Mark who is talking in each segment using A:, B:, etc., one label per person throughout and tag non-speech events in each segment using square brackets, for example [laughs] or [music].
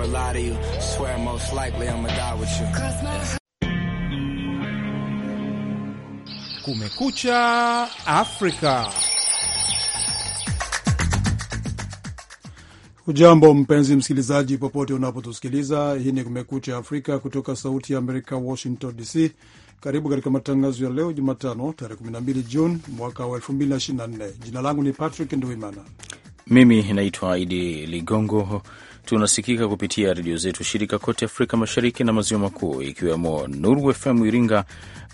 A: never lie to you. Swear most likely I'ma die with you.
B: Kumekucha Afrika.
C: Ujambo mpenzi msikilizaji, popote unapotusikiliza. Hii ni Kumekucha Afrika kutoka Sauti ya Amerika, Washington DC. Karibu katika matangazo ya leo Jumatano, tarehe 12 Juni mwaka wa 2024. Jina langu ni Patrick Nduimana.
D: Mimi naitwa Idi Ligongo Tunasikika kupitia redio zetu shirika kote Afrika Mashariki na Maziwa Makuu, ikiwemo Nuru FM Iringa,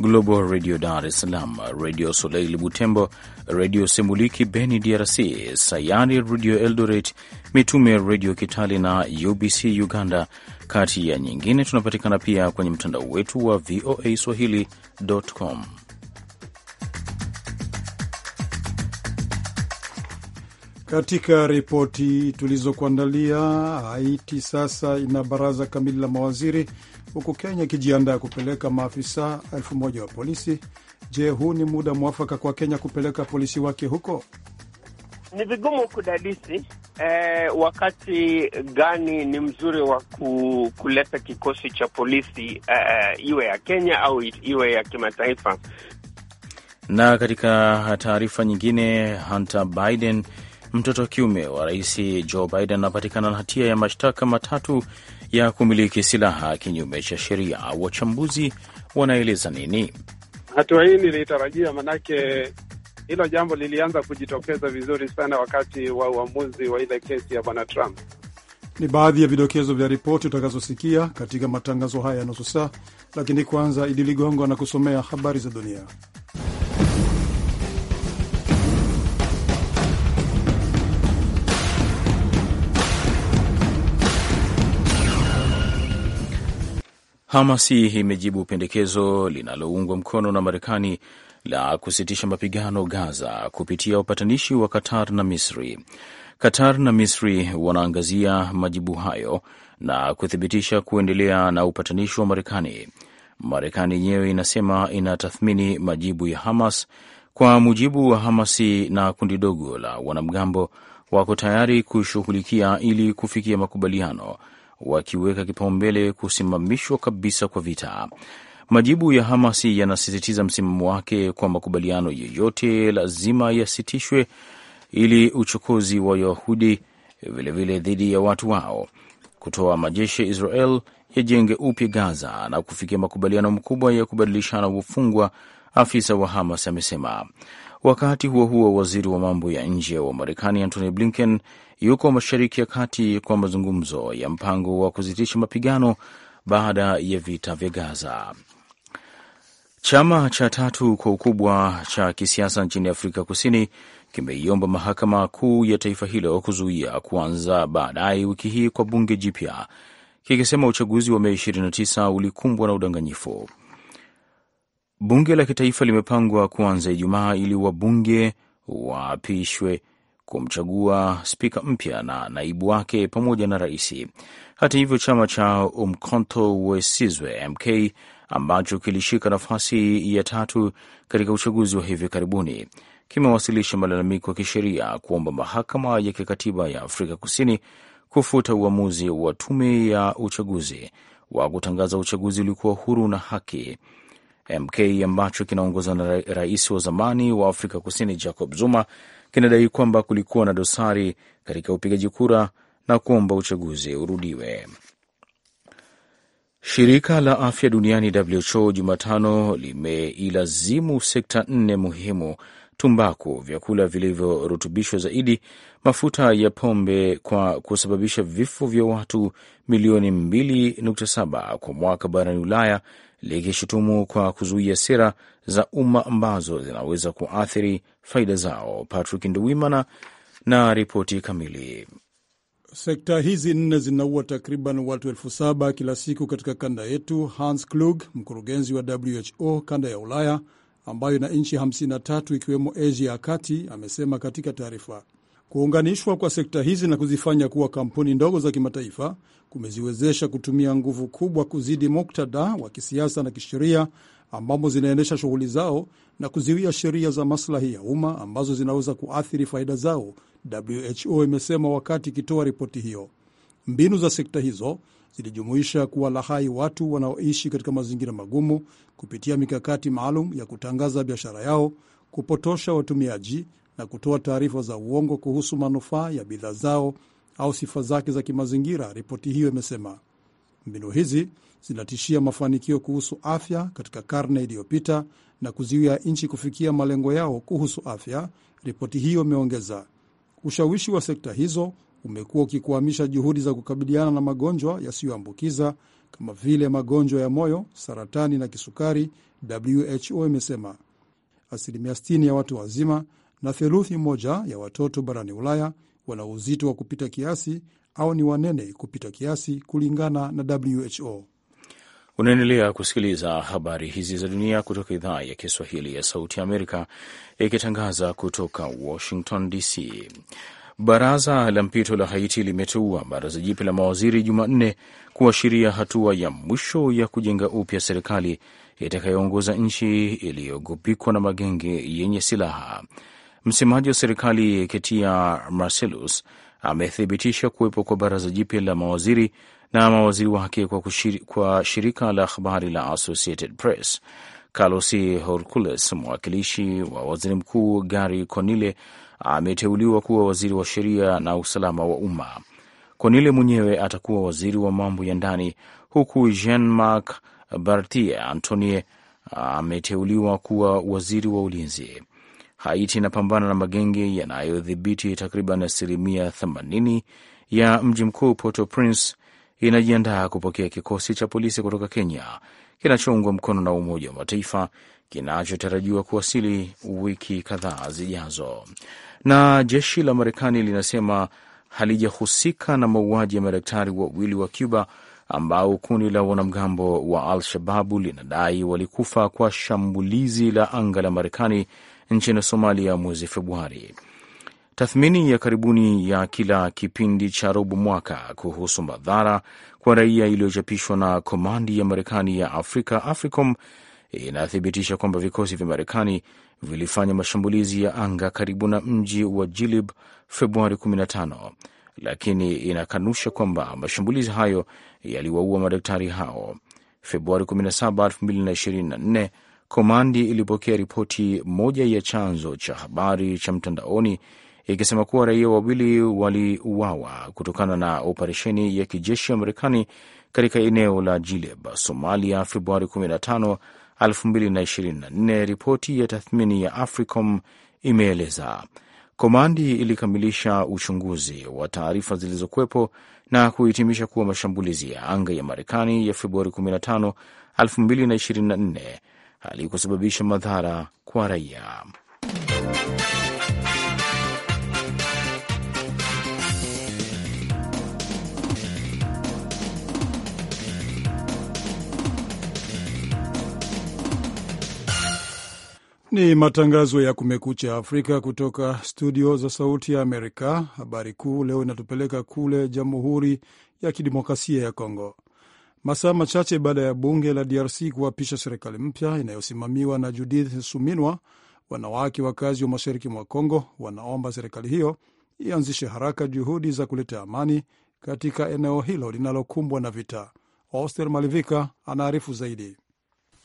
D: Global Radio Dar es Salaam, Redio Soleil Butembo, Redio Semuliki Beni DRC, Sayari radio Eldoret, Mitume Redio Kitali na UBC Uganda, kati ya nyingine. Tunapatikana pia kwenye mtandao wetu wa VOA swahili.com.
C: Katika ripoti tulizokuandalia, Haiti sasa ina baraza kamili la mawaziri, huku Kenya ikijiandaa kupeleka maafisa elfu moja wa polisi. Je, huu ni muda mwafaka kwa Kenya kupeleka polisi wake huko?
A: Ni vigumu kudadisi eh, wakati gani ni mzuri wa kuleta kikosi cha polisi eh, iwe ya Kenya au iwe ya kimataifa.
D: Na katika taarifa nyingine, Hunter Biden mtoto wa kiume wa rais Joe Biden anapatikana na hatia ya mashtaka matatu ya kumiliki silaha kinyume cha sheria. Wachambuzi wanaeleza nini?
B: Hatua hii niliitarajia, manake hilo jambo lilianza kujitokeza vizuri sana wakati wa uamuzi wa ile kesi ya bwana Trump.
C: Ni baadhi ya vidokezo vya ripoti utakazosikia katika matangazo haya ya nusu saa, lakini kwanza Idi Ligongo anakusomea habari za dunia.
D: Hamas imejibu pendekezo linaloungwa mkono na Marekani la kusitisha mapigano Gaza kupitia upatanishi wa Qatar na Misri. Qatar na Misri wanaangazia majibu hayo na kuthibitisha kuendelea na upatanishi wa Marekani. Marekani yenyewe inasema inatathmini majibu ya Hamas. Kwa mujibu wa Hamasi na kundi dogo la wanamgambo, wako tayari kushughulikia ili kufikia makubaliano wakiweka kipaumbele kusimamishwa kabisa kwa vita. Majibu ya Hamas yanasisitiza msimamo wake kwa makubaliano yoyote lazima yasitishwe ili uchokozi wa Wayahudi vilevile dhidi ya watu wao, kutoa majeshi ya Israel yajenge upya Gaza na kufikia makubaliano makubwa ya kubadilishana wafungwa, afisa wa Hamas amesema. Wakati huo huo, waziri wa mambo ya nje wa Marekani Antony Blinken yuko Mashariki ya Kati kwa mazungumzo ya mpango wa kusitisha mapigano baada ya vita vya Gaza. Chama cha tatu kwa ukubwa cha kisiasa nchini Afrika Kusini kimeiomba mahakama kuu ya taifa hilo kuzuia kuanza baadaye wiki hii kwa bunge jipya, kikisema uchaguzi wa Mei 29 ulikumbwa na udanganyifu. Bunge la kitaifa limepangwa kuanza Ijumaa ili wabunge waapishwe kumchagua spika mpya na naibu wake pamoja na rais. Hata hivyo, chama cha Umkhonto wesizwe MK ambacho kilishika nafasi ya tatu katika uchaguzi wa hivi karibuni kimewasilisha malalamiko ya kisheria kuomba mahakama ya kikatiba ya Afrika Kusini kufuta uamuzi wa tume ya uchaguzi wa kutangaza uchaguzi uliokuwa huru na haki. MK ambacho kinaongozwa na rais wa zamani wa Afrika Kusini Jacob Zuma kinadai kwamba kulikuwa na dosari katika upigaji kura na kuomba uchaguzi urudiwe. Shirika la Afya Duniani WHO Jumatano limeilazimu sekta nne muhimu tumbaku, vyakula vilivyorutubishwa zaidi, mafuta ya pombe kwa kusababisha vifo vya watu milioni 2.7 kwa mwaka barani Ulaya likishutumu kwa kuzuia sera za umma ambazo zinaweza kuathiri faida zao. Patrick Nduwimana na ripoti kamili.
C: Sekta hizi nne zinaua takriban watu elfu saba kila siku katika kanda yetu. Hans Klug, mkurugenzi wa WHO kanda ya Ulaya ambayo ina nchi 53 ikiwemo Asia ya kati, amesema katika taarifa Kuunganishwa kwa sekta hizi na kuzifanya kuwa kampuni ndogo za kimataifa kumeziwezesha kutumia nguvu kubwa kuzidi muktadha wa kisiasa na kisheria ambamo zinaendesha shughuli zao na kuziwia sheria za maslahi ya umma ambazo zinaweza kuathiri faida zao, WHO imesema wakati ikitoa ripoti hiyo. Mbinu za sekta hizo zilijumuisha lahai watu wanaoishi katika mazingira magumu kupitia mikakati maalum ya kutangaza biashara yao, kupotosha watumiaji na kutoa taarifa za uongo kuhusu manufaa ya bidhaa zao au sifa zake za kimazingira, ripoti hiyo imesema. Mbinu hizi zinatishia mafanikio kuhusu afya katika karne iliyopita na kuziwia nchi kufikia malengo yao kuhusu afya, ripoti hiyo imeongeza. Ushawishi wa sekta hizo umekuwa ukikwamisha juhudi za kukabiliana na magonjwa yasiyoambukiza kama vile magonjwa ya moyo, saratani na kisukari, WHO imesema. Asilimia 60 ya watu wazima na theluthi moja ya watoto barani Ulaya wana uzito wa kupita kiasi au ni wanene kupita kiasi kulingana na WHO.
D: Unaendelea kusikiliza habari hizi za dunia kutoka idhaa ya Kiswahili ya Sauti ya Amerika ikitangaza kutoka Washington DC. Baraza la mpito la Haiti limeteua baraza jipya la mawaziri Jumanne kuashiria hatua ya mwisho ya kujenga upya serikali itakayoongoza nchi iliyogubikwa na magenge yenye silaha. Msemaji wa serikali Ketia Marcellus amethibitisha kuwepo kwa baraza jipya la mawaziri na mawaziri wake kwa, kwa shirika la habari la Associated Press. Carlos Horcules, mwakilishi wa waziri mkuu Gary conile ameteuliwa kuwa waziri wa sheria na usalama wa umma. conile mwenyewe atakuwa waziri wa mambo ya ndani, huku Jean-Marc Bartier antonie ameteuliwa kuwa waziri wa ulinzi. Haiti inapambana na magenge yanayodhibiti takriban asilimia 80 ya mji mkuu porto prince Inajiandaa kupokea kikosi cha polisi kutoka Kenya kinachoungwa mkono na Umoja wa Mataifa kinachotarajiwa kuwasili wiki kadhaa zijazo. Na jeshi la Marekani linasema halijahusika na mauaji ya madaktari wawili wa Cuba ambao kundi la wanamgambo wa Al Shababu linadai walikufa kwa shambulizi la anga la Marekani nchini Somalia mwezi Februari. Tathmini ya karibuni ya kila kipindi cha robo mwaka kuhusu madhara kwa raia iliyochapishwa na komandi ya Marekani ya Afrika, AFRICOM, inathibitisha kwamba vikosi vya Marekani vilifanya mashambulizi ya anga karibu na mji wa Jilib Februari 15 lakini inakanusha kwamba mashambulizi hayo yaliwaua madaktari hao. Februari 17, Komandi ilipokea ripoti moja ya chanzo cha habari cha mtandaoni ikisema kuwa raia wawili waliuawa kutokana na operesheni ya kijeshi ya Marekani katika eneo la Jileb, Somalia, Februari 15, 2024. Ripoti ya tathmini ya AFRICOM imeeleza Komandi ilikamilisha uchunguzi wa taarifa zilizokuwepo na kuhitimisha kuwa mashambulizi ya anga ya Marekani ya Februari 15, 2024 halikusababisha madhara kwa raia.
C: Ni matangazo ya Kumekucha Afrika kutoka studio za Sauti ya Amerika. Habari kuu leo inatupeleka kule Jamhuri ya Kidemokrasia ya Kongo masaa machache baada ya bunge la DRC kuapisha serikali mpya inayosimamiwa na Judith Suminwa, wanawake wakazi wa mashariki mwa congo wanaomba serikali hiyo ianzishe haraka juhudi za kuleta amani katika eneo hilo linalokumbwa na vita. Oster Malivika anaarifu zaidi.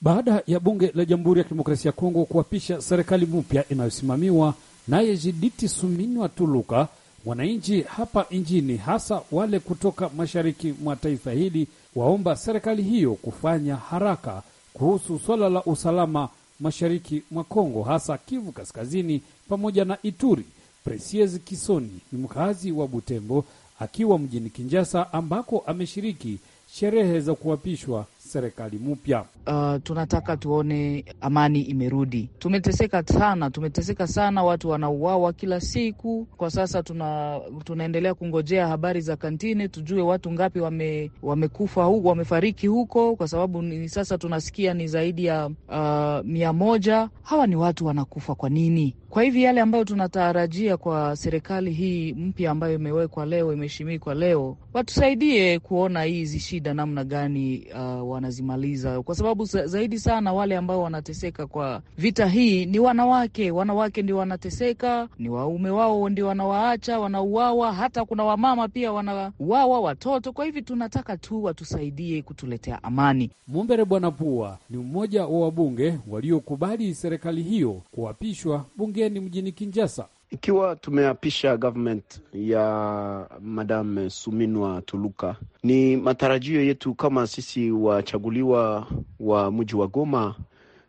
C: Baada ya bunge la Jamhuri
E: ya Kidemokrasia ya Kongo kuapisha serikali mpya inayosimamiwa naye Jiditi Suminwa Tuluka Wananchi hapa nchini, hasa wale kutoka mashariki mwa taifa hili, waomba serikali hiyo kufanya haraka kuhusu swala la usalama mashariki mwa Kongo, hasa Kivu Kaskazini pamoja na Ituri. Precious Kisoni ni mkazi wa Butembo akiwa mjini kinjasa ambako ameshiriki sherehe za kuapishwa serikali mpya. Uh, tunataka tuone amani imerudi. Tumeteseka sana, tumeteseka sana, watu wanauawa kila siku. Kwa sasa tuna, tunaendelea kungojea habari za kantine, tujue watu ngapi wame, wamekufa huko, wamefariki huko, kwa sababu ni sasa tunasikia ni zaidi ya uh, mia moja. Hawa ni watu wanakufa kwa nini? Kwa hivi yale ambayo tunatarajia kwa serikali hii mpya ambayo imewekwa leo, imeshimikwa leo, watusaidie kuona hizi shida namna gani uh, wanazimaliza, kwa sababu zaidi sana wale ambao wanateseka kwa vita hii ni wanawake. Wanawake ndio wanateseka, ni waume wao ndio wanawaacha, wanauawa. Hata kuna wamama pia wanauawa, watoto. Kwa hivi tunataka tu watusaidie kutuletea amani. Mumbere Bwana Pua ni mmoja wa wabunge waliokubali serikali hiyo kuapishwa bungeni mjini Kinshasa. Ikiwa tumeapisha
A: government ya Madam Suminwa Tuluka, ni matarajio yetu kama sisi wachaguliwa wa mji wa Goma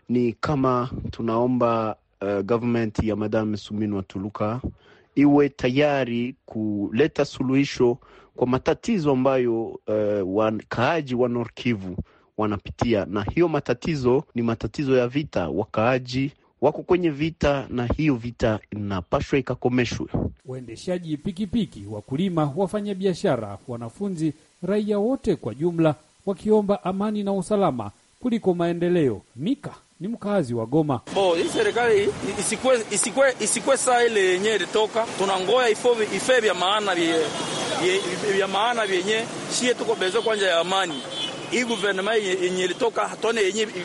A: ni kama tunaomba uh, government ya Madam Suminwa Tuluka iwe tayari kuleta suluhisho kwa matatizo ambayo uh, wakaaji wa Norkivu wanapitia, na hiyo matatizo ni matatizo ya vita. Wakaaji wako kwenye vita na hiyo vita inapashwa ikakomeshwe.
E: Waendeshaji pikipiki, wakulima, wafanyabiashara, wanafunzi, raia wote kwa jumla wakiomba amani na usalama kuliko maendeleo. Mika ni mkazi wa Goma.
F: Bo, hii serikali isikwe, isikwe, isikwe saa ile yenyewe ilitoka, tunangoya ife vya maana vyenye shie tuko bezo kwanja ya amani hii guvernema yenye ilitoka hatone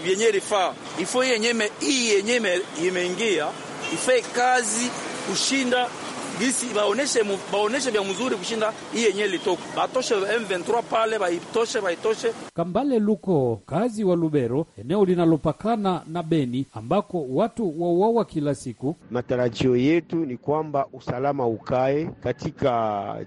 F: yenye ilifaa ifo yenye hii yenye imeingia ifae kazi kushinda gisi baoneshe baoneshe vya mzuri kushinda hii yenye litoko batoshe M23 pale baitoshe baitoshe.
E: Kambale Luko, kazi wa Lubero, eneo linalopakana na Beni ambako watu wauawa kila siku. Matarajio yetu ni kwamba usalama
A: ukae katika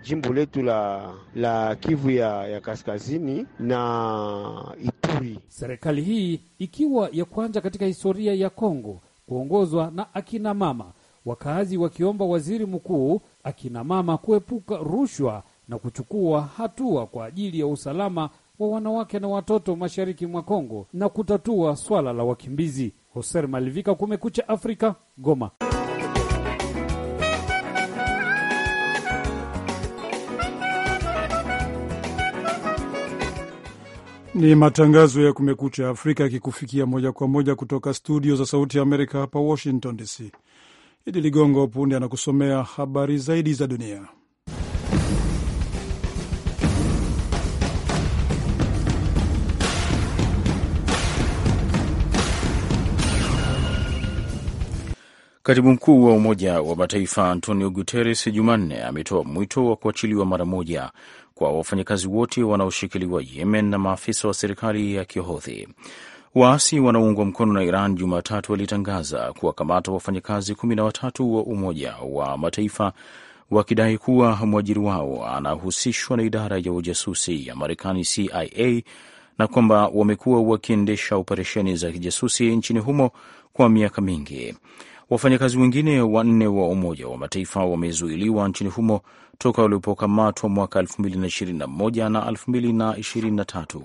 A: jimbo letu la, la Kivu ya, ya kaskazini
E: na Ituri. Serikali hii ikiwa ya kwanza katika historia ya Kongo kuongozwa na akina mama wakaazi wakiomba waziri mkuu akinamama kuepuka rushwa na kuchukua hatua kwa ajili ya usalama wa wanawake na watoto mashariki mwa Kongo na kutatua swala la wakimbizi. Hoser Malivika, Kumekucha Afrika, Goma.
C: Ni matangazo ya Kumekucha Afrika yakikufikia moja kwa moja kutoka studio za Sauti ya Amerika hapa Washington DC. Idi Ligongo punde anakusomea habari zaidi za dunia.
D: Katibu mkuu wa Umoja wa Mataifa Antonio Guterres Jumanne ametoa mwito wa kuachiliwa mara moja kwa wafanyakazi wote wanaoshikiliwa Yemen na maafisa wa serikali ya Kihodhi. Waasi wanaoungwa mkono na Iran Jumatatu walitangaza kuwakamata wafanyakazi kumi na watatu wa Umoja wa Mataifa wakidai kuwa mwajiri wao anahusishwa na idara ya ujasusi ya Marekani CIA na kwamba wamekuwa wakiendesha operesheni za kijasusi nchini humo kwa miaka mingi. Wafanyakazi wengine wanne wa Umoja wa Mataifa wamezuiliwa nchini humo toka walipokamatwa mwaka 2021 na 2023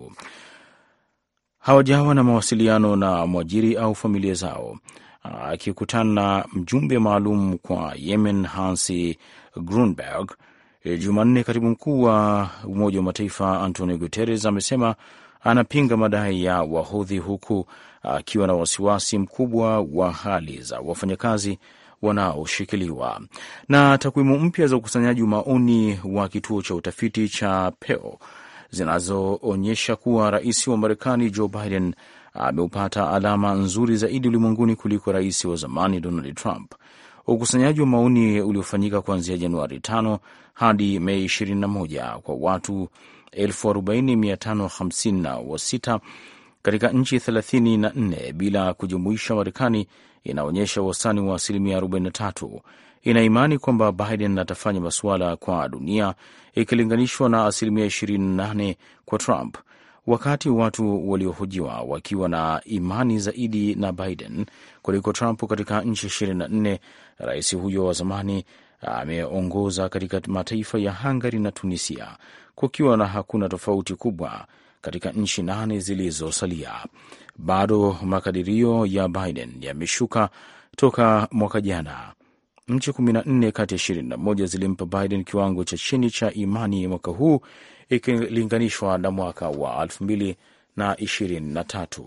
D: hawajawa na mawasiliano na mwajiri au familia zao. Ah, akikutana na mjumbe maalum kwa Yemen Hansi Grunberg eh, Jumanne, katibu mkuu wa Umoja wa Mataifa Antonio Guterres amesema anapinga madai ya Wahodhi, huku akiwa na wasiwasi mkubwa wa hali za wafanyakazi wanaoshikiliwa. Na takwimu mpya za ukusanyaji maoni wa kituo cha utafiti cha Peo zinazoonyesha kuwa rais wa Marekani Joe Biden ameupata alama nzuri zaidi ulimwenguni kuliko rais wa zamani Donald Trump. Ukusanyaji wa maoni uliofanyika kuanzia Januari 5 hadi Mei 21 kwa watu 40556 katika nchi 34 bila kujumuisha Marekani inaonyesha wastani wa asilimia 43. Ina imani kwamba Biden atafanya masuala kwa dunia ikilinganishwa na asilimia 28 kwa Trump, wakati watu waliohojiwa wakiwa na imani zaidi na Biden kuliko Trump katika nchi 24. Rais huyo wa zamani ameongoza katika mataifa ya Hungary na Tunisia, kukiwa na hakuna tofauti kubwa katika nchi nane zilizosalia. Bado makadirio ya Biden yameshuka toka mwaka jana. Nchi 14 kati ya 21 zilimpa Biden kiwango cha chini cha imani mwaka huu ikilinganishwa na mwaka wa 2023.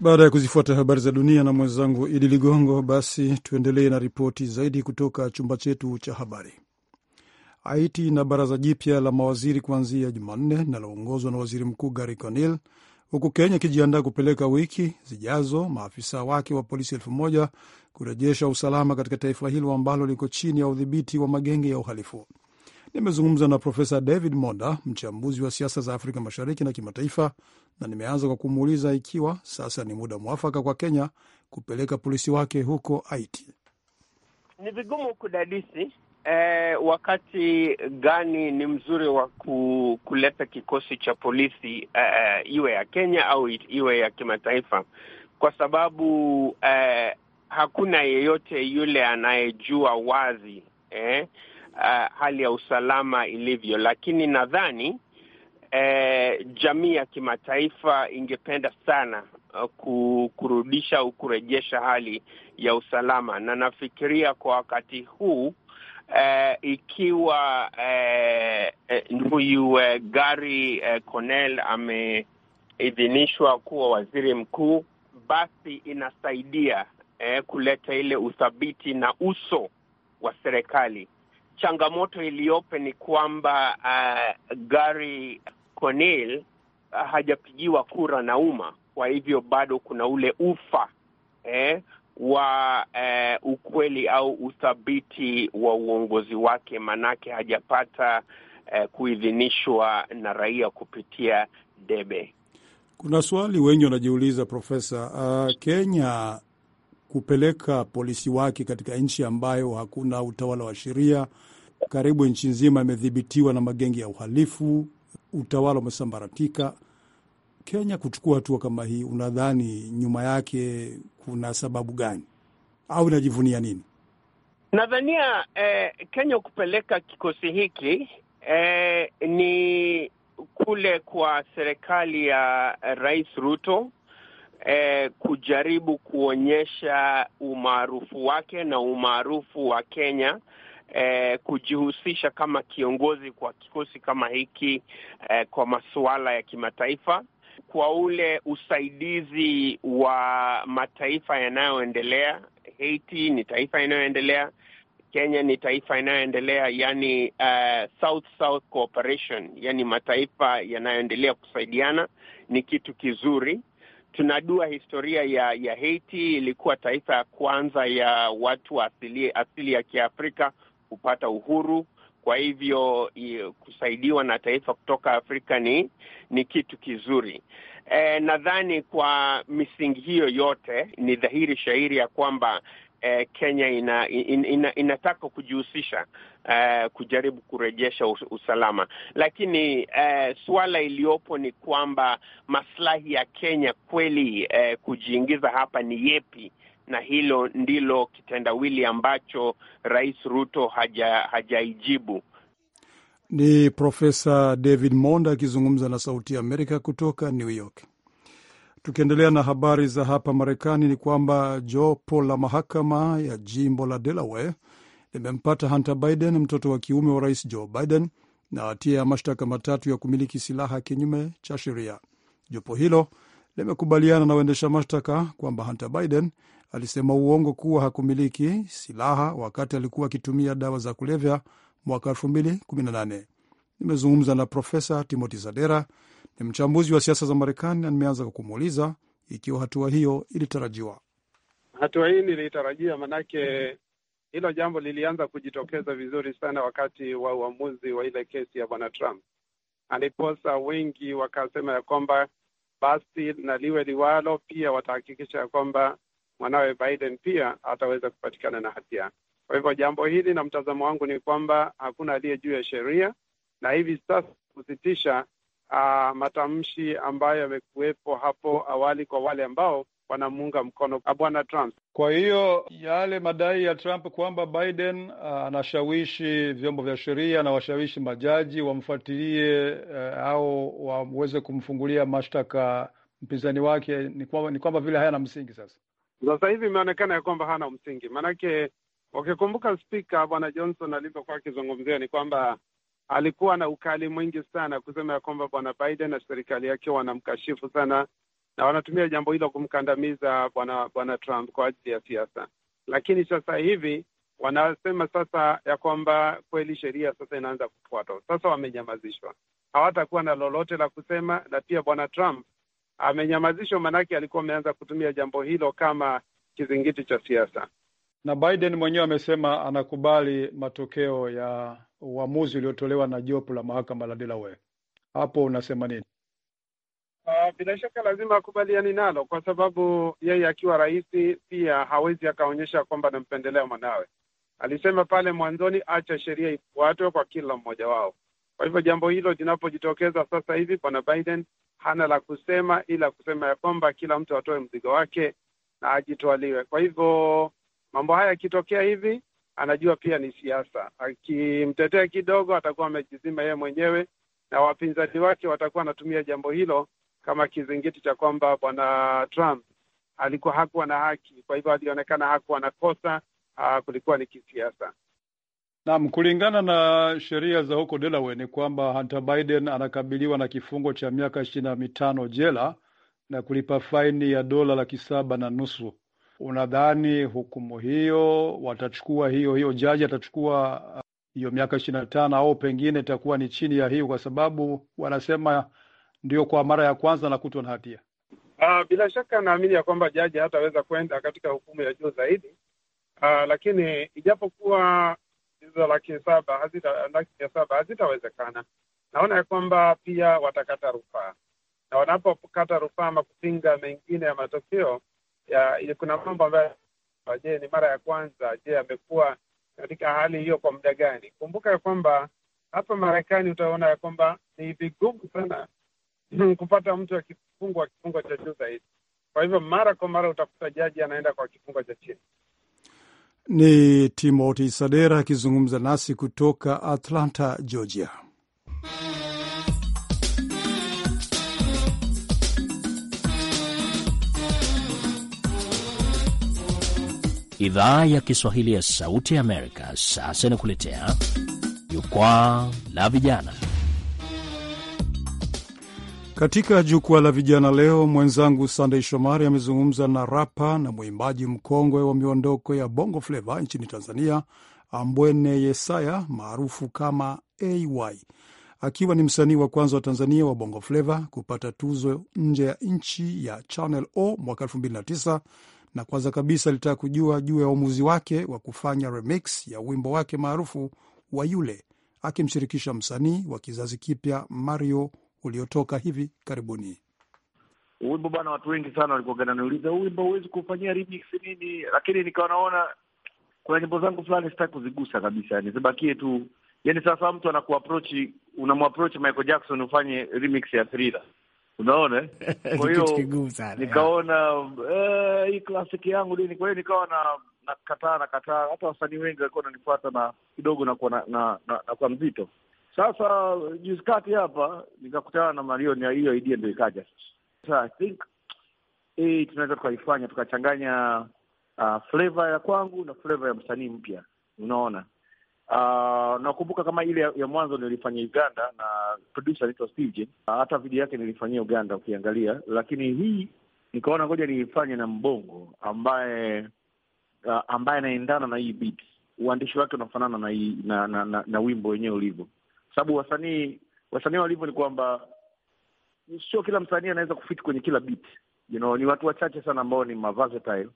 C: Baada ya kuzifuata habari za dunia na mwenzangu Idi Ligongo, basi tuendelee na ripoti zaidi kutoka chumba chetu cha habari. Haiti ina baraza jipya la mawaziri kuanzia Jumanne linaloongozwa na waziri mkuu Gari Conil, huku Kenya ikijiandaa kupeleka wiki zijazo maafisa wake wa polisi elfu moja kurejesha usalama katika taifa hilo ambalo liko chini ya udhibiti wa magenge ya uhalifu. Nimezungumza na Profesa David Monda, mchambuzi wa siasa za Afrika Mashariki na kimataifa, na nimeanza kwa kumuuliza ikiwa sasa ni muda mwafaka kwa Kenya kupeleka polisi wake huko Haiti.
A: Ni vigumu kudadisi eh, wakati gani ni mzuri wa kuleta kikosi cha polisi eh, iwe ya Kenya au iwe ya kimataifa, kwa sababu eh, hakuna yeyote yule anayejua wazi eh, eh, hali ya usalama ilivyo, lakini nadhani eh, jamii ya kimataifa ingependa sana eh, kurudisha au kurejesha hali ya usalama, na nafikiria kwa wakati huu eh, ikiwa eh, huyu eh, Gari eh, eh Conel ameidhinishwa kuwa waziri mkuu, basi inasaidia eh, kuleta ile uthabiti na uso wa serikali. Changamoto iliyopo ni kwamba uh, eh, Gari Conil uh, eh, hajapigiwa kura na umma, kwa hivyo bado kuna ule ufa eh, wa eh, ukweli au uthabiti wa uongozi wake, manake hajapata eh, kuidhinishwa na raia kupitia debe.
C: Kuna swali wengi wanajiuliza Profesa, uh, Kenya kupeleka polisi wake katika nchi ambayo hakuna utawala wa sheria, karibu nchi nzima imedhibitiwa na magengi ya uhalifu, utawala umesambaratika Kenya kuchukua hatua kama hii, unadhani nyuma yake kuna sababu gani au inajivunia nini?
A: Nadhania eh, Kenya kupeleka kikosi hiki eh, ni kule kwa serikali ya Rais Ruto eh, kujaribu kuonyesha umaarufu wake na umaarufu wa Kenya eh, kujihusisha kama kiongozi kwa kikosi kama hiki eh, kwa masuala ya kimataifa kwa ule usaidizi wa mataifa yanayoendelea. Haiti ni taifa inayoendelea, Kenya ni taifa inayoendelea, yani uh, South South cooperation, yani mataifa yanayoendelea kusaidiana ni kitu kizuri. Tunajua historia ya ya Haiti, ilikuwa taifa ya kwanza ya watu asili, asili ya Kiafrika kupata uhuru kwa hivyo kusaidiwa na taifa kutoka Afrika ni, ni kitu kizuri. E, nadhani kwa misingi hiyo yote ni dhahiri shahiri ya kwamba e, Kenya ina, in, ina, inataka kujihusisha e, kujaribu kurejesha usalama, lakini e, suala iliyopo ni kwamba maslahi ya Kenya kweli e, kujiingiza hapa ni yepi? na hilo ndilo kitendawili ambacho Rais Ruto haja, hajaijibu.
C: Ni Profesa David Monda akizungumza na Sauti ya Amerika kutoka New York. Tukiendelea na habari za hapa Marekani ni kwamba jopo la mahakama ya jimbo la Delaware limempata Hunter Biden, mtoto wa kiume wa rais Joe Biden, na hatia ya mashtaka matatu ya kumiliki silaha kinyume cha sheria. Jopo hilo limekubaliana na waendesha mashtaka kwamba Hunter Biden alisema uongo kuwa hakumiliki silaha wakati alikuwa akitumia dawa za kulevya mwaka 2018. Nimezungumza na Profesa Timothy Sadera, ni mchambuzi wa siasa za Marekani, na nimeanza kwa kumuuliza ikiwa hatua hiyo ilitarajiwa.
B: Hatua hii nilitarajia, manake hilo jambo lilianza kujitokeza vizuri sana wakati wa uamuzi wa ile kesi ya bwana Trump. Aliposa wengi wakasema ya kwamba basi na liwe liwalo, pia watahakikisha ya kwamba mwanawe Biden pia ataweza kupatikana na hatia. Kwa hivyo jambo hili na mtazamo wangu ni kwamba hakuna aliye juu ya sheria, na hivi sasa kusitisha uh, matamshi ambayo yamekuwepo hapo awali kwa wale ambao wanamuunga mkono bwana Trump.
C: Kwa hiyo yale madai ya Trump kwamba Biden ah, anashawishi uh, vyombo vya sheria na washawishi majaji wamfuatilie uh, au waweze kumfungulia mashtaka mpinzani wake ni kwamba, ni kwamba vile hayana msingi sasa
B: sasa hivi imeonekana ya kwamba hana msingi, maanake wakikumbuka spika Bwana Johnson alivyokuwa akizungumzia ni kwamba alikuwa na ukali mwingi sana kusema ya kwamba Bwana Biden na serikali yake wanamkashifu sana na wanatumia jambo hilo kumkandamiza bwana bwana Trump kwa ajili ya siasa. Lakini sasa hivi wanasema sasa ya kwamba kweli sheria sasa inaanza kufuatwa. Sasa wamenyamazishwa, hawatakuwa na lolote la kusema, na pia bwana Trump amenyamazishwa, maanake alikuwa ameanza kutumia jambo hilo kama kizingiti cha siasa.
C: Na Biden mwenyewe amesema anakubali matokeo ya uamuzi uliotolewa na jopo la mahakama la Delaware. Hapo unasema nini?
B: Uh, bila shaka lazima akubaliani nalo kwa sababu yeye akiwa rais pia hawezi akaonyesha kwamba anampendelea mwanawe. Alisema pale mwanzoni, acha sheria ifuatwe kwa kila mmoja wao. Kwa hivyo jambo hilo linapojitokeza sasa hivi, bwana Biden hana la kusema ila kusema ya kwamba kila mtu atoe mzigo wake na ajitwaliwe. Kwa hivyo mambo haya yakitokea hivi, anajua pia ni siasa. Akimtetea kidogo, atakuwa amejizima yeye mwenyewe, na wapinzani wake watakuwa wanatumia jambo hilo kama kizingiti cha kwamba bwana Trump alikuwa hakuwa na haki, kwa hivyo alionekana hakuwa na kosa. kulikuwa ni kisiasa.
C: Naam, kulingana na sheria za huko Delaware ni kwamba Hunter Biden anakabiliwa na kifungo cha miaka ishirini na mitano jela na kulipa faini ya dola laki saba na nusu. Unadhani hukumu hiyo watachukua hiyo hiyo, jaji atachukua uh, hiyo miaka ishirini na tano au pengine itakuwa ni chini ya hiyo, kwa sababu wanasema ndio kwa mara ya kwanza nakutwa na hatia?
B: Uh, bila shaka naamini ya kwamba jaji hataweza kwenda katika hukumu ya juu zaidi. Uh, lakini ijapokuwa hizo laki saba hazita laki mia saba hazitawezekana. Naona ya kwamba pia watakata rufaa, na wanapokata rufaa ama kupinga mengine ya matokeo ya, ya kuna mambo ambayo, je, ni mara ya kwanza? Je, amekuwa katika hali hiyo kwa muda gani? Kumbuka ya kwamba hapa Marekani utaona ya kwamba ni vigumu sana [clears throat] kupata mtu akifungwa kifungo cha juu zaidi. Kwa hivyo mara kwa mara utakuta jaji anaenda kwa kifungo cha chini.
C: Ni Timothy Sadera akizungumza nasi kutoka Atlanta, Georgia.
D: Idhaa ya Kiswahili ya Sauti ya Amerika sasa inakuletea jukwaa la vijana
C: katika jukwaa la vijana leo, mwenzangu Sandey Shomari amezungumza na rapa na mwimbaji mkongwe wa miondoko ya bongo fleva nchini Tanzania, Ambwene Yesaya maarufu kama AY, akiwa ni msanii wa kwanza wa Tanzania wa bongo fleva kupata tuzo nje ya nchi ya Channel O mwaka 2009 na kwanza kabisa alitaka kujua juu ya uamuzi wake wa kufanya remix ya wimbo wake maarufu wa yule akimshirikisha msanii wa kizazi kipya Mario uliotoka hivi karibuni. Wimbo
F: bana, watu wengi sana walikuwa wananiuliza huu wimbo huwezi kufanyia remix nini, lakini nikawa naona kuna nyimbo zangu fulani sitaki kuzigusa kabisa, yani zibakie tu. Yani sasa mtu anakuapproach, unamapproach Michael Jackson ufanye remix ya Thriller, unaona. [laughs] Kwa hiyo nikaona uh, hii classic yangu nini, kwa hiyo nikawa na nakataa nakataa. Hata wasanii wengi walikuwa wananifuata na kidogo nakuwa na, na, na, na, na, na, mzito sasa juzi kati hapa nikakutana na Mario, na hiyo idea ndio ikaja sasa. I think hii eh, tunaweza tukaifanya tukachanganya uh, flavor ya kwangu na flavor ya msanii mpya, unaona. Uh, nakumbuka kama ile ya, ya mwanzo nilifanya Uganda na producer anaitwa Uh, hata video yake nilifanyia Uganda ukiangalia, lakini hii nikaona ngoja niifanye na Mbongo ambaye uh, ambaye anaendana na hii beat, uandishi wake unafanana na, na, na, na, na wimbo wenyewe ulivyo sababu wasanii wasanii walivyo ni kwamba sio kila msanii anaweza kufiti kwenye kila beat. You know, ni watu wachache sana ambao ni versatile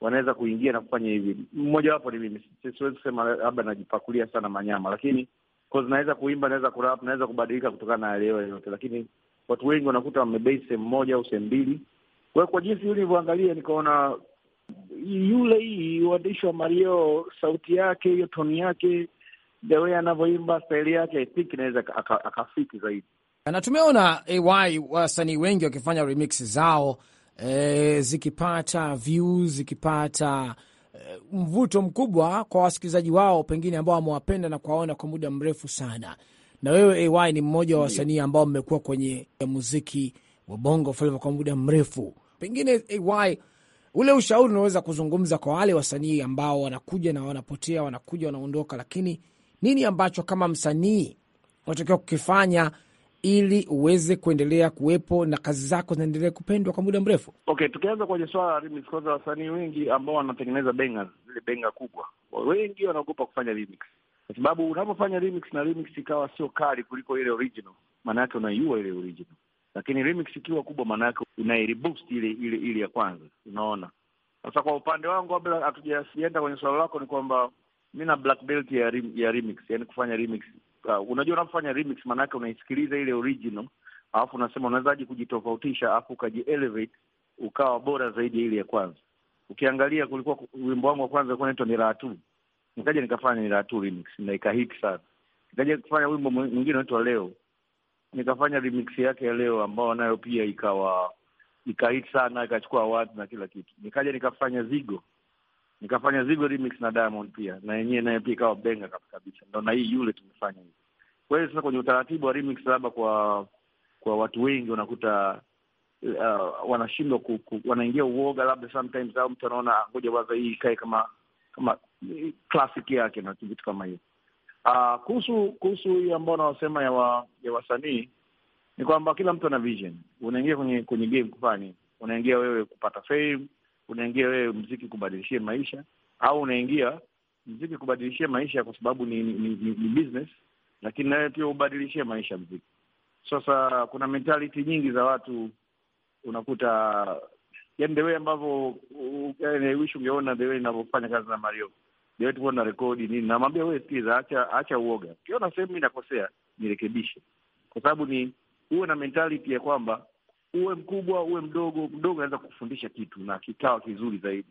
F: wanaweza kuingia na kufanya hivi. Mmojawapo ni mimi, siwezi kusema labda najipakulia sana manyama, lakini cause naweza kuimba, naweza kurap, naweza kubadilika kutokana na aleo yoyote, lakini watu wengi wanakuta wamebei sehemu moja au sehemu mbili. Kwa hiyo kwa jinsi ulivyoangalia, nikaona yule hii uandishi wa Mario, sauti yake hiyo, toni yake the way anavyoimba staili yake, I think inaweza akafiki zaidi.
D: Na tumeona AY wasanii wengi wakifanya remix zao e, zikipata views zikipata e, mvuto mkubwa kwa wasikilizaji wao pengine ambao wamewapenda na kuwaona kwa muda mrefu sana. Na wewe AY ni mmoja wa wasanii ambao mmekuwa kwenye muziki wa bongo flava kwa muda mrefu, pengine AY ule ushauri unaweza kuzungumza kwa wale wasanii ambao wanakuja na wanapotea, wanakuja wanaondoka, lakini nini ambacho kama msanii unatakiwa kukifanya ili uweze kuendelea kuwepo na kazi zako zinaendelea kupendwa kwa muda mrefu?
F: Okay, tukianza kwenye swala la remix, kwanza wasanii wengi ambao wanatengeneza benga zile benga kubwa, wengi wanaogopa kufanya remix kwa sababu unapofanya remix na remix ikawa sio kali kuliko ile original, maana yake unaiua ile original. Lakini remix ikiwa kubwa, maana yake unairiboost ile ile ile ya kwanza. Unaona? Sasa kwa upande wangu, kabla hatujaenda kwenye swala lako, ni kwamba mi na black belt ya rim, ya remix, yani kufanya remix. Uh, unajua unapofanya remix maanake unaisikiliza ile original, alafu unasema unawezaje kujitofautisha, alafu elevate ukawa bora zaidi ya ile ya kwanza. Ukiangalia kulikuwa wimbo wangu wa kwanza ulikuwa unaitwa ni ratu nikaja nikafanya ni ratu remix na ikahiti sana. Nikaja kufanya wimbo mwingine unaitwa leo, nikafanya remix yake ya leo ambao nayo pia ikawa ikahit sana, ikachukua watu na kila kitu. Nikaja nikafanya zigo nikafanya Zigo remix na Diamond pia na yenyewe naye pia ikawa benga kabisa, ndo na hii yule tumefanya hivi. Kwa hiyo sasa kwenye utaratibu wa remix, labda kwa kwa watu wengi unakuta uh, wanashindwa wanaingia uoga labda sometimes, au mtu anaona ah, ngoja waza hii ikae kama kama eh, classic yake na vitu kama hiyo. Uh, kuhusu kuhusu hiyo ambao nawasema ya wa, ya wasanii ni kwamba kila mtu ana vision. Unaingia kwenye kwenye game kufanya, unaingia wewe kupata fame unaingia wewe mziki kubadilishia maisha, au unaingia mziki kubadilishia maisha kwa sababu ni, ni, ni, ni business, lakini nawe pia ubadilishie maisha mziki. Sasa kuna mentality nyingi za watu unakuta, yani dewe ambavyo yaani wish ungeona dewe inavyofanya kazi na Mario dewe way na rekodi nini, namwambia wee skiza acha acha uoga, ukiona sehemu inakosea nirekebishe, kwa sababu ni huwe na mentality ya kwamba uwe mkubwa uwe mdogo, mdogo anaweza kufundisha kitu na kikawa kizuri zaidi,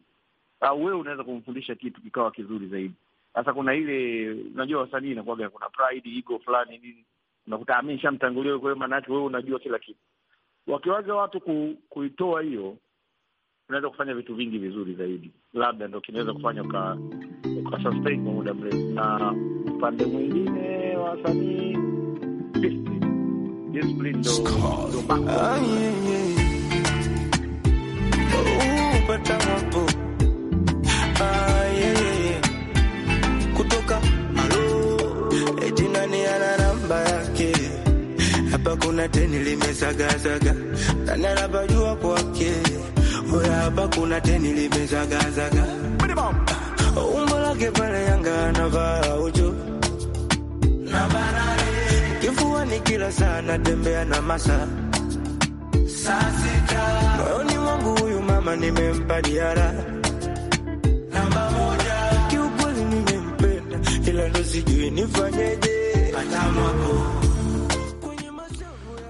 F: au ah, wewe unaweza kumfundisha kitu kikawa kizuri zaidi. Sasa kuna ile, unajua wasanii inakuwaga kuna pride, ego fulani nini, unakuta ah, mimi nishamtangulia, kwa hiyo maana yake wewe unajua kila kitu. Wakiwaza watu ku, kuitoa hiyo, unaweza kufanya vitu vingi vizuri zaidi, labda ndo kinaweza kufanya uka, uka sustain kwa muda mrefu. Na upande mwingine wasanii Discipline ndo mpaka
A: upata hapo
D: kutoka alo eti eh, nani ana namba yake hapa kuna teni limezagazaga nananapajua kwake oya hapa kuna teni limezagazaga ah, umbo lake pale Yanga anavaa ujo mitaani kila saa natembea na masa moyoni
A: mwangu, huyu mama nimempa diara namba moja. Kiukweli nimempenda ila ndo sijui nifanyeje.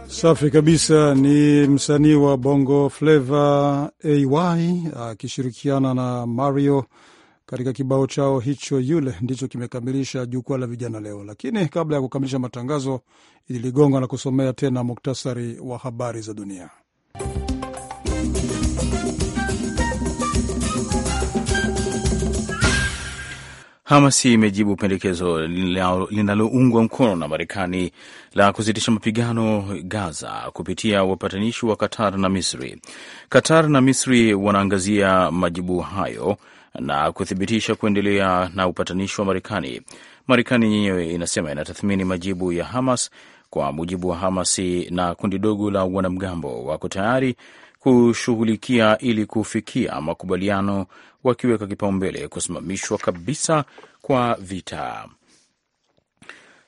C: Safi kabisa. Ni msanii wa bongo flava AY akishirikiana na Mario katika kibao chao hicho yule ndicho kimekamilisha jukwaa la vijana leo. Lakini kabla ya kukamilisha matangazo, iligonga na kusomea tena muktasari wa habari za dunia.
D: Hamasi imejibu pendekezo linaloungwa mkono na Marekani la kusitisha mapigano Gaza kupitia wapatanishi wa Qatar na Misri. Qatar na Misri wanaangazia majibu hayo na kuthibitisha kuendelea na upatanishi wa Marekani. Marekani yenyewe inasema inatathmini majibu ya Hamas. Kwa mujibu wa hamas na kundi dogo la wanamgambo wako tayari kushughulikia ili kufikia makubaliano, wakiweka kipaumbele kusimamishwa kabisa kwa vita.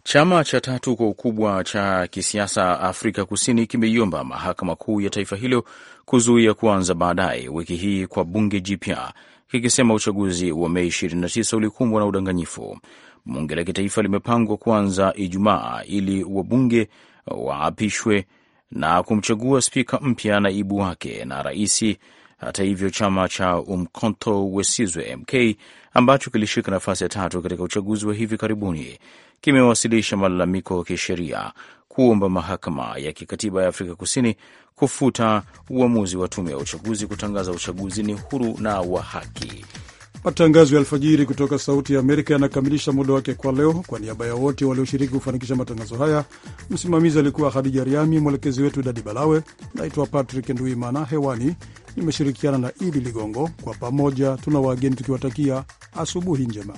D: Chama cha tatu kwa ukubwa cha kisiasa Afrika Kusini kimeiomba mahakama kuu ya taifa hilo kuzuia kuanza baadaye wiki hii kwa bunge jipya kikisema uchaguzi wa Mei 29 ulikumbwa na udanganyifu. Bunge la kitaifa limepangwa kuanza Ijumaa ili wabunge waapishwe na kumchagua spika mpya, naibu wake na raisi. Hata hivyo, chama cha Umkhonto Wesizwe MK ambacho kilishika nafasi ya tatu katika uchaguzi wa hivi karibuni kimewasilisha malalamiko ya kisheria kuomba mahakama ya kikatiba ya Afrika Kusini kufuta uamuzi wa tume ya uchaguzi kutangaza uchaguzi ni huru na wa haki.
C: Matangazo ya alfajiri kutoka Sauti ya Amerika yanakamilisha muda wake kwa leo. Kwa niaba ya wote walioshiriki kufanikisha matangazo haya, msimamizi alikuwa Hadija Riami, mwelekezi wetu Dadi Balawe. Naitwa Patrick Nduimana, hewani nimeshirikiana na Idi Ligongo. Kwa pamoja tuna wageni tukiwatakia asubuhi njema.